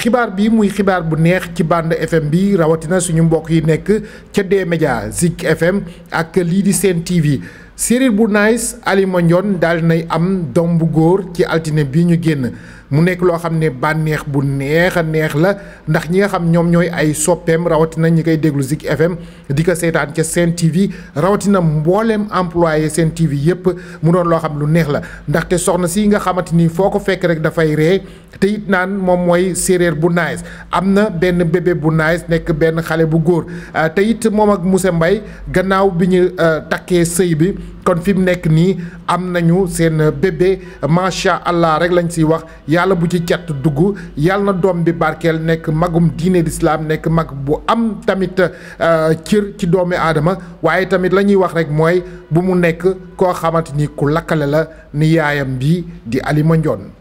xibaar bi muy xibaar bu neex ci bande FM bi rawatina suñu mbokk yi nekk ca D-Média Zik FM ak lii di Sen TV Cyril Bournays Ali Mandione daal nay am doom bu góor ci altine bii ñu génn mu nekk loo xam ne bànneex bu neex a neex la ndax ñi nga xam ñoom ñooy ay soppeem rawatina ñi koy déglu Zik FM di ko seetaan ca Sen TV rawatina mbooleem employé Sen TV yëpp mu doon loo xam lu neex la ndaxte soxna si nga xamante ni foo ko fekk rek dafay ree te it naan moom mooy séeréer bu nice am na benn bébé bu nice nekk benn xale bu góor ah, te it moom ak Moussa mbay gannaaw bi ñu ah, takkee sëy bi kon fi mu nekk nii am nañu seen bébé macha allah rek lañ siy wax yàlla bu ci cat dugg yàlla na doom bi barkeel nekk magum diine lislaam nekk mag bu am tamit euh, cër ci doomi aadama waaye tamit la ñuy wax rek mooy bu mu nekk koo xamante ni ku lakkale la ni yaayam bi di Alima Ndione